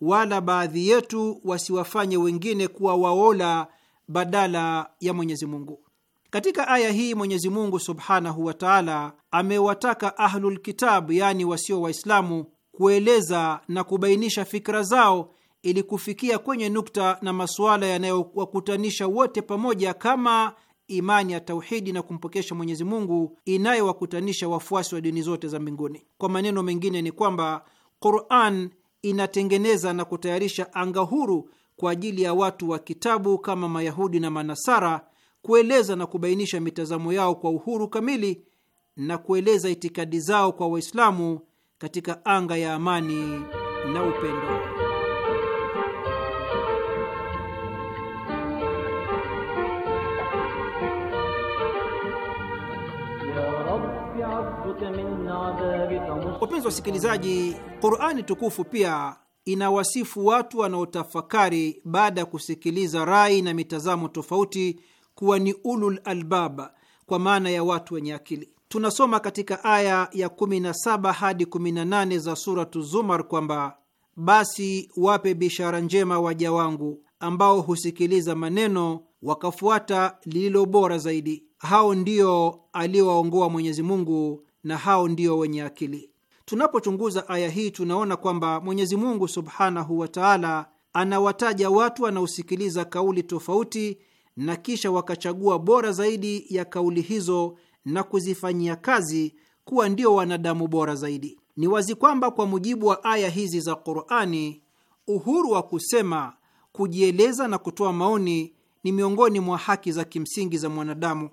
wala baadhi yetu wasiwafanye wengine kuwa waola badala ya Mwenyezi Mungu. Katika aya hii Mwenyezi Mungu subhanahu wa taala amewataka Ahlulkitabu, yaani wasio Waislamu, kueleza na kubainisha fikra zao ili kufikia kwenye nukta na masuala yanayowakutanisha wote pamoja kama imani ya tauhidi na kumpokesha Mwenyezi Mungu inayowakutanisha wafuasi wa dini zote za mbinguni. Kwa maneno mengine, ni kwamba Quran inatengeneza na kutayarisha anga huru kwa ajili ya watu wa kitabu kama Mayahudi na Manasara kueleza na kubainisha mitazamo yao kwa uhuru kamili na kueleza itikadi zao kwa Waislamu katika anga ya amani na upendo. Wapenzi wasikilizaji, Qurani tukufu pia inawasifu watu wanaotafakari baada ya kusikiliza rai na mitazamo tofauti kuwa ni ulul albab, kwa maana ya watu wenye akili. Tunasoma katika aya ya 17 hadi 18 za Suratu Zumar kwamba basi wape bishara njema waja wangu ambao husikiliza maneno wakafuata lililo bora zaidi. Hao ndio aliowaongoa Mwenyezi Mungu na hao ndio wenye akili. Tunapochunguza aya hii tunaona kwamba Mwenyezi Mungu subhanahu wa taala anawataja watu wanaosikiliza kauli tofauti na kisha wakachagua bora zaidi ya kauli hizo na kuzifanyia kazi kuwa ndio wanadamu bora zaidi. Ni wazi kwamba kwa mujibu wa aya hizi za Qur'ani, uhuru wa kusema, kujieleza na kutoa maoni ni miongoni mwa haki za kimsingi za mwanadamu,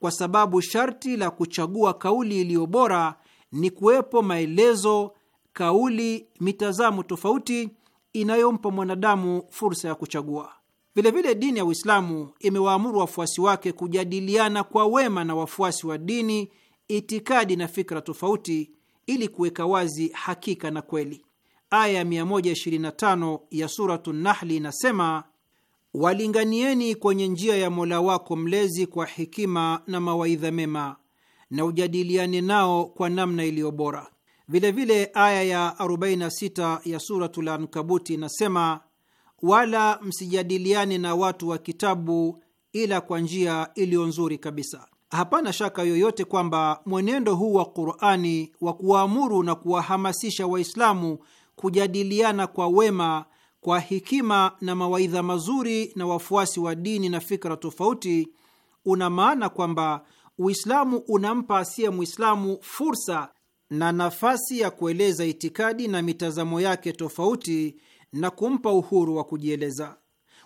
kwa sababu sharti la kuchagua kauli iliyo bora ni kuwepo maelezo, kauli, mitazamo tofauti inayompa mwanadamu fursa ya kuchagua. Vilevile vile dini ya Uislamu imewaamuru wafuasi wake kujadiliana kwa wema na wafuasi wa dini, itikadi na fikra tofauti ili kuweka wazi hakika na kweli. Aya ya 125 ya Suratu Nahli inasema, walinganieni kwenye njia ya Mola wako mlezi kwa hekima na mawaidha mema na ujadiliane nao kwa namna iliyo bora. Vilevile aya ya 46 ya Suratul Ankabuti inasema wala msijadiliane na watu wa kitabu ila kwa njia iliyo nzuri kabisa. Hapana shaka yoyote kwamba mwenendo huu wa Qur'ani wa kuwaamuru na kuwahamasisha Waislamu kujadiliana kwa wema, kwa hekima na mawaidha mazuri na wafuasi wa dini na fikra tofauti, una maana kwamba Uislamu unampa asiye Mwislamu fursa na nafasi ya kueleza itikadi na mitazamo yake tofauti na kumpa uhuru wa kujieleza.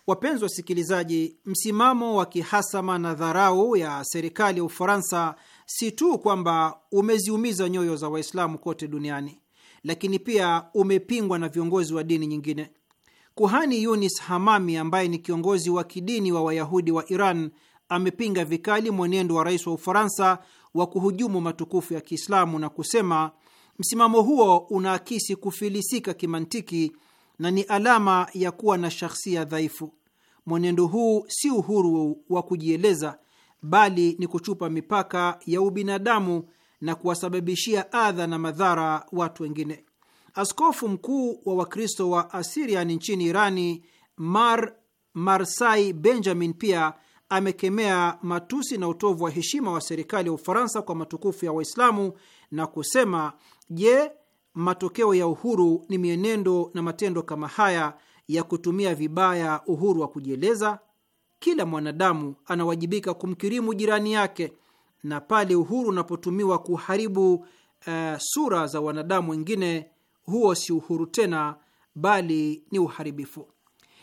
Wapenzi wasikilizaji, msimamo wa kihasama na dharau ya serikali ya Ufaransa si tu kwamba umeziumiza nyoyo za Waislamu kote duniani, lakini pia umepingwa na viongozi wa dini nyingine. Kuhani Yunis Hamami ambaye ni kiongozi wa kidini wa Wayahudi wa Iran amepinga vikali mwenendo wa rais wa Ufaransa wa kuhujumu matukufu ya Kiislamu na kusema msimamo huo unaakisi kufilisika kimantiki na ni alama ya kuwa na shahsia dhaifu. Mwenendo huu si uhuru wa kujieleza, bali ni kuchupa mipaka ya ubinadamu na kuwasababishia adha na madhara watu wengine. Askofu mkuu wa Wakristo wa Assyrian nchini Irani, Mar Marsai Benjamin, pia amekemea matusi na utovu wa heshima wa serikali ya Ufaransa kwa matukufu ya Waislamu na kusema, je, matokeo ya uhuru ni mienendo na matendo kama haya ya kutumia vibaya uhuru wa kujieleza. Kila mwanadamu anawajibika kumkirimu jirani yake, na pale uhuru unapotumiwa kuharibu uh, sura za wanadamu wengine, huo si uhuru tena, bali ni uharibifu.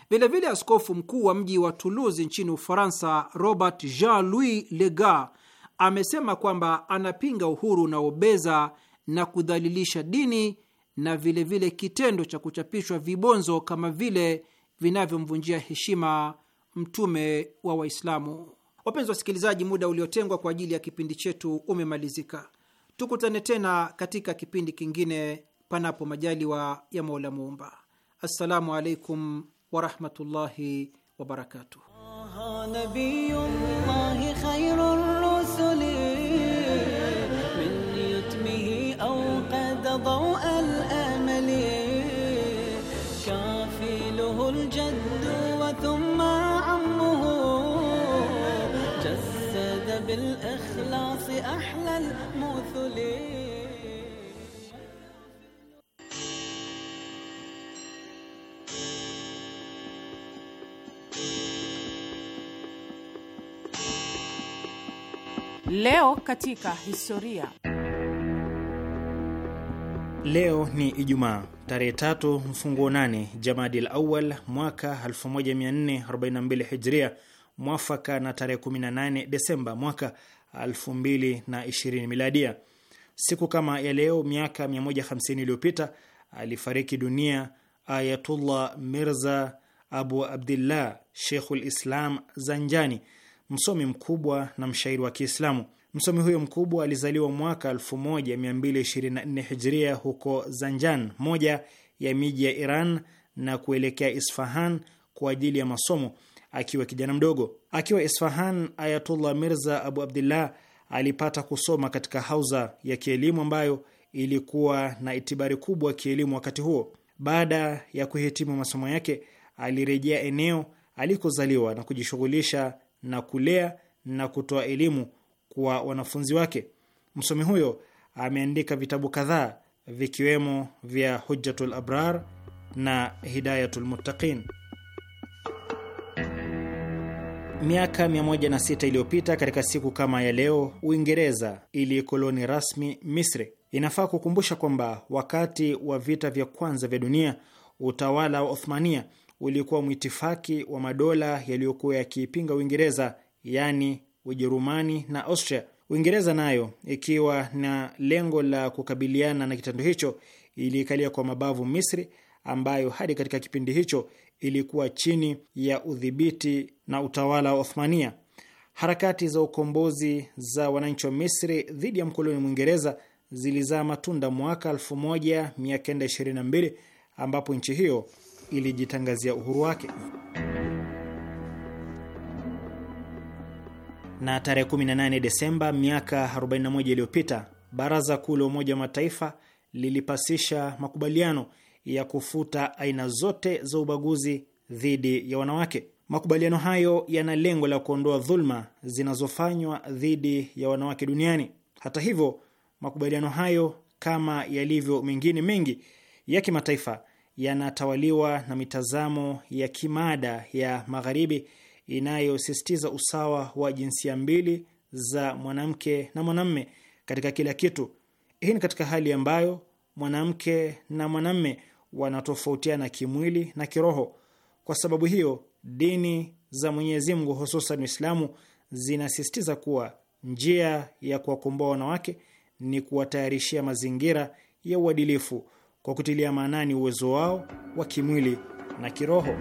Vilevile, askofu mkuu wa mji wa Toulouse nchini Ufaransa, Robert Jean Louis Legar, amesema kwamba anapinga uhuru unaobeza na kudhalilisha dini na vilevile vile kitendo cha kuchapishwa vibonzo kama vile vinavyomvunjia heshima mtume wa Waislamu. Wapenzi wasikilizaji, muda uliotengwa kwa ajili ya kipindi chetu umemalizika. Tukutane tena katika kipindi kingine, panapo majaliwa ya Mola Muumba. Assalamu alaikum warahmatullahi wabarakatuh. أحلى Leo katika historia. Leo ni Ijumaa tarehe tatu mfunguo nane Jamadil Awal mwaka 1442 Hijria, mwafaka na tarehe 18 Desemba mwaka 2020 miladia. Siku kama ya leo miaka 150 iliyopita alifariki dunia Ayatullah Mirza Abu Abdillah Sheikhul Islam Zanjani, msomi mkubwa na mshairi wa Kiislamu. Msomi huyo mkubwa alizaliwa mwaka 1224 Hijria huko Zanjan, moja ya miji ya Iran, na kuelekea Isfahan kwa ajili ya masomo akiwa kijana mdogo. Akiwa Isfahan, Ayatullah Mirza Abu Abdillah alipata kusoma katika hauza ya kielimu ambayo ilikuwa na itibari kubwa kielimu wakati huo. Baada ya kuhitimu masomo yake, alirejea eneo alikozaliwa na kujishughulisha na kulea na kutoa elimu kwa wanafunzi wake. Msomi huyo ameandika vitabu kadhaa vikiwemo vya Hujjatul Abrar na Hidayatul Muttaqin. Miaka 106 iliyopita katika siku kama ya leo, Uingereza iliikoloni rasmi Misri. Inafaa kukumbusha kwamba wakati wa vita vya kwanza vya dunia utawala wa Othmania ulikuwa mwitifaki wa madola yaliyokuwa yakiipinga Uingereza, yaani Ujerumani na Austria. Uingereza nayo ikiwa na lengo la kukabiliana na kitendo hicho iliikalia kwa mabavu Misri ambayo hadi katika kipindi hicho ilikuwa chini ya udhibiti na utawala wa Othmania. Harakati za ukombozi za wananchi wa Misri dhidi ya mkoloni Mwingereza zilizaa matunda mwaka 1922 ambapo nchi hiyo ilijitangazia uhuru wake. Na tarehe 18 Desemba miaka 41 iliyopita, Baraza Kuu la Umoja wa Mataifa lilipasisha makubaliano ya kufuta aina zote za ubaguzi dhidi ya wanawake. Makubaliano hayo yana lengo la kuondoa dhuluma zinazofanywa dhidi ya wanawake duniani. Hata hivyo, makubaliano hayo kama yalivyo mengine mengi ya kimataifa yanatawaliwa na mitazamo ya kimada ya Magharibi inayosisitiza usawa wa jinsia mbili za mwanamke na mwanamme katika kila kitu. Hii ni katika hali ambayo mwanamke na mwanamme wanatofautiana kimwili na kiroho. Kwa sababu hiyo, dini za Mwenyezi Mungu, hususan Uislamu, zinasisitiza kuwa njia ya kuwakomboa wanawake ni kuwatayarishia mazingira ya uadilifu kwa kutilia maanani uwezo wao wa kimwili na kiroho.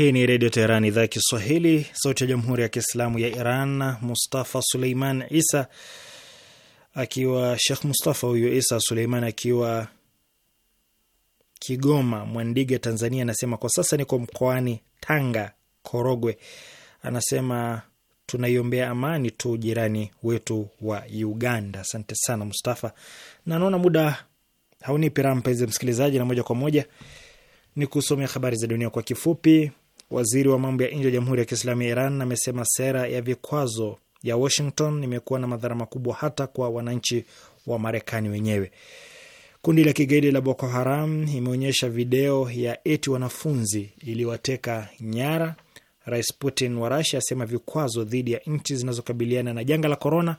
Hii ni Redio Teheran, idhaa ya Kiswahili, sauti ya Jamhuri ya Kiislamu ya Iran. Mustafa Suleiman Isa akiwa Shekh Mustafa huyu Isa Suleiman akiwa Kigoma Mwandige, Tanzania, anasema kwa sasa niko mkoani Tanga, Korogwe. Anasema tunaiombea amani tu jirani wetu wa Uganda. Asante sana Mustafa, na naona muda haunipi raha, mpenzi msikilizaji, na moja kwa moja ni kusomea habari za dunia kwa kifupi. Waziri wa mambo ya nje ya Jamhuri ya Kiislamu ya Iran amesema sera ya vikwazo ya Washington imekuwa na madhara makubwa hata kwa wananchi wa Marekani wenyewe. Kundi la kigaidi la Boko Haram imeonyesha video ya eti wanafunzi iliwateka nyara. Rais Putin wa Rasia asema vikwazo dhidi ya nchi zinazokabiliana na janga la korona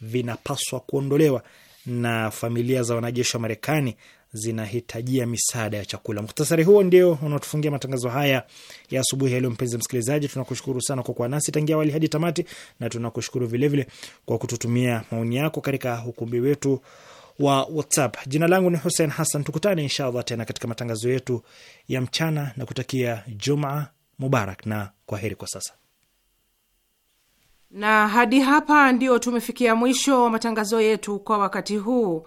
vinapaswa kuondolewa. Na familia za wanajeshi wa Marekani zinahitajia misaada ya chakula. Muhtasari huo ndio unaotufungia matangazo haya ya asubuhi ya leo. Mpenzi msikilizaji, tunakushukuru sana kwa kuwa nasi tangia awali hadi tamati, na tunakushukuru vilevile kwa kututumia maoni yako katika ukumbi wetu wa WhatsApp. Jina langu ni Hussein Hassan, tukutane inshallah tena katika matangazo yetu ya mchana, na kutakia Juma Mubarak na kwa heri kwa sasa. Na hadi hapa ndio tumefikia mwisho wa matangazo yetu kwa wakati huu.